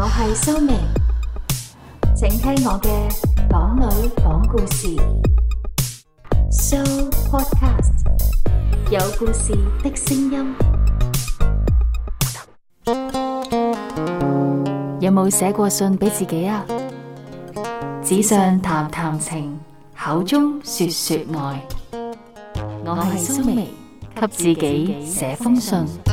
我係蘇明，請聽我嘅港女講故事，蘇 Podcast 有故事的聲音。有冇寫過信俾自己啊？紙上談談情，口中說說愛。我係蘇明，給自己寫封信。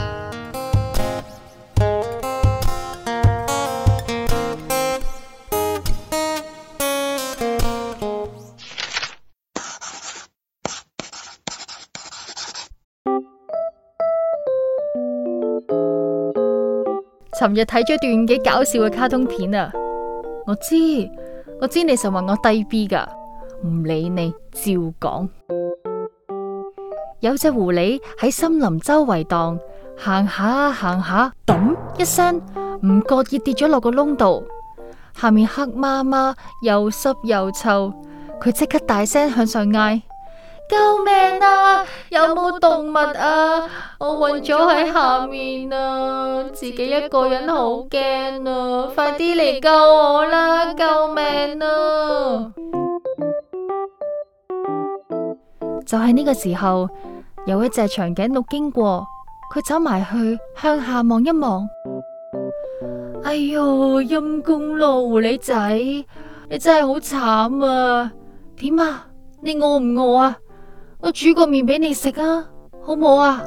尋日睇咗段幾搞笑嘅卡通片啊！我知我知，你就話我低 B 㗎，唔理你，照講。 有隻狐狸喺森林周圍蕩，行下行下，咚一聲，唔覺意跌咗落個窿度，下面黑麻麻，又濕又臭，佢即刻大聲向上嗌。救命啊！有冇動物啊？我暈咗喺下面啊，自己一個人好驚啊！快啲嚟救我啦！救命啊！就喺呢個時候，有一隻長頸鹿經過，佢走埋去向下望一望。哎喲，陰公咯，狐狸仔，你真係好慘啊！點啊？你餓唔餓啊？我煮個麵俾你食啊，好唔好啊？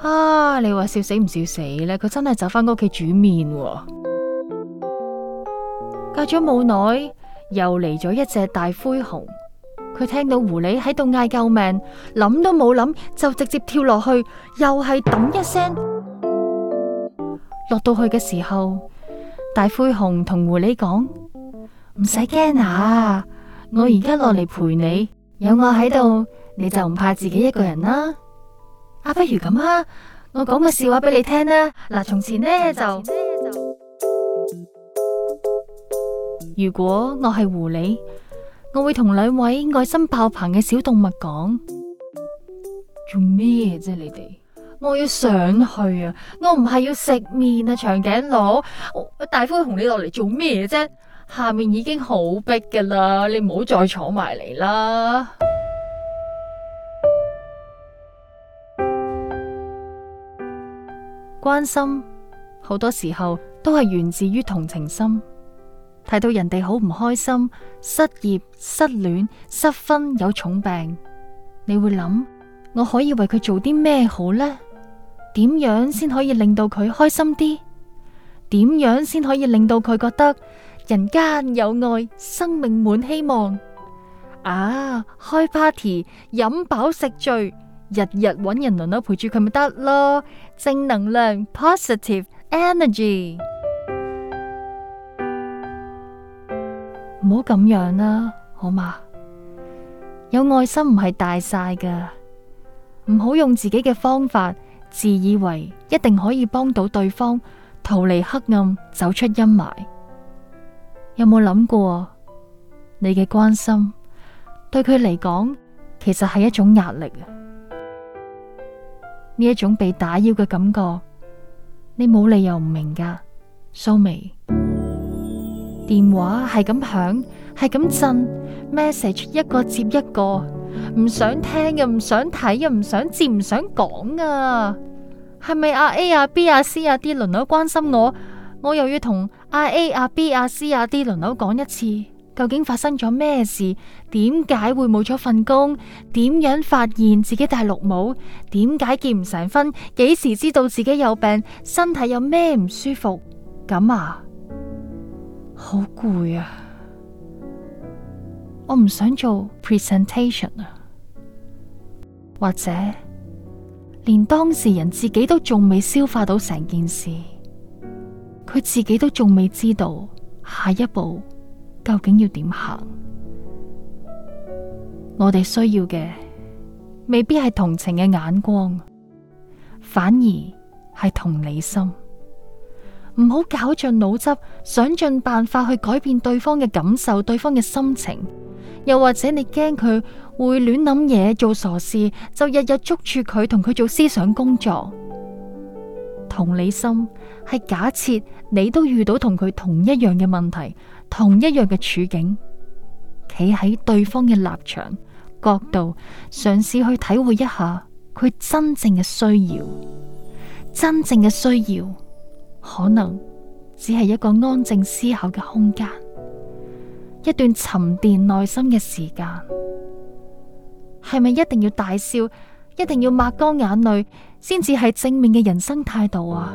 吓、啊，你話笑死唔笑死咧？佢真係走翻屋企煮麵喎、啊。隔咗冇耐，又嚟咗一隻大灰熊。佢聽到狐狸喺度嗌救命，諗都冇諗就直接跳落去，又係揼一聲。落到去嘅時候，大灰熊同狐狸講：唔使驚啊！我而家落嚟陪你，有我喺度，你就唔怕自己一個人啦。啊，不如咁啦，我講個笑話俾你聽啦。嗱，從前呢就，呢就如果我係狐狸，我會同兩位愛心爆棚嘅小動物講做咩啫？你哋我要上去啊！我唔係要食麵啊，長頸佬，大灰熊，你落嚟做咩啫？下面已經好逼噶啦，你唔好再坐埋嚟啦。關心好多時候都係源自於同情心，睇到人哋好唔開心，失業、失戀、失婚、有重病，你會諗：我可以為佢做啲咩好呢？點樣先可以令到佢開心啲？點樣先可以令到佢覺得？人間有愛，生命滿希望啊！開 party，飲飽食醉，日日搵人輪流陪住佢咪得咯？正能量 positive energy，唔好咁樣啦，好嗎？有愛心唔係大晒㗎，唔好用自己嘅方法，自以為一定可以幫到對方，逃離黑暗，走出陰霾。有冇諗過，你嘅關心對佢嚟講其實係一種壓力？呢一種被打擾嘅感覺，你冇理由唔明㗎。蘇眉，電話係咁響，係咁震，message 一個接一個，唔想聽又唔想睇又唔想接唔想講啊？係咪啊 A 啊 B 啊 C 啊 D 輪流關心我？我又要同阿 A、阿 B、阿 C、阿 D 輪流講一次，究竟發生咗咩事？點解會冇咗份工？點樣發現自己戴綠帽？點解結唔成婚？幾時知道自己有病？身體有咩唔舒服？咁啊，好攰啊！我唔想做 presentation 啊，或者連當事人自己都仲未消化到成件事。佢自己都仲未知道下一步究竟要點行，我哋需要嘅未必係同情嘅眼光，反而係同理心。唔好絞盡腦汁，想盡辦法去改變對方嘅感受、對方嘅心情。又或者你驚佢會亂諗嘢、做傻事，就日日捉住佢同佢做思想工作。同理心。係假設你都遇到同佢同一樣嘅問題，同一樣嘅處境，企喺對方嘅立場角度，嘗試去體會一下佢真正嘅需要。真正嘅需要可能只係一個安靜思考嘅空間，一段沉澱內心嘅時間。係咪一定要大笑，一定要抹乾眼淚，先至係正面嘅人生態度啊？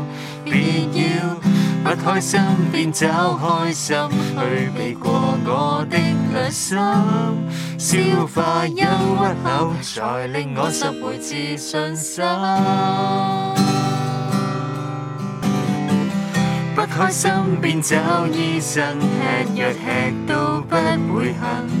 別要不開心，便找開心去避過我的良心，消化憂鬱後，才令我拾回自信心。不開心便找醫生，吃藥吃到不會行。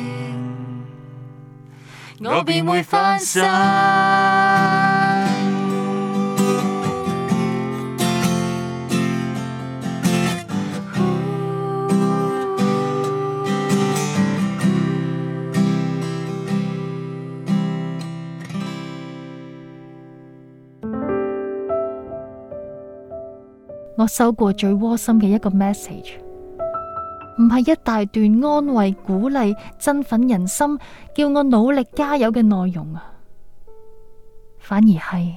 我便會翻身。我收過最窩心嘅一個 message。唔係一大段安慰、鼓勵、振奮人心，叫我努力加油嘅內容啊，反而係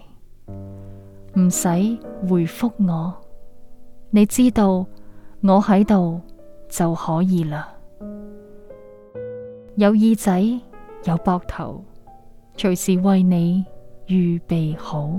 唔使回覆我，你知道我喺度就可以啦。有耳仔，有膊頭，隨時為你預備好。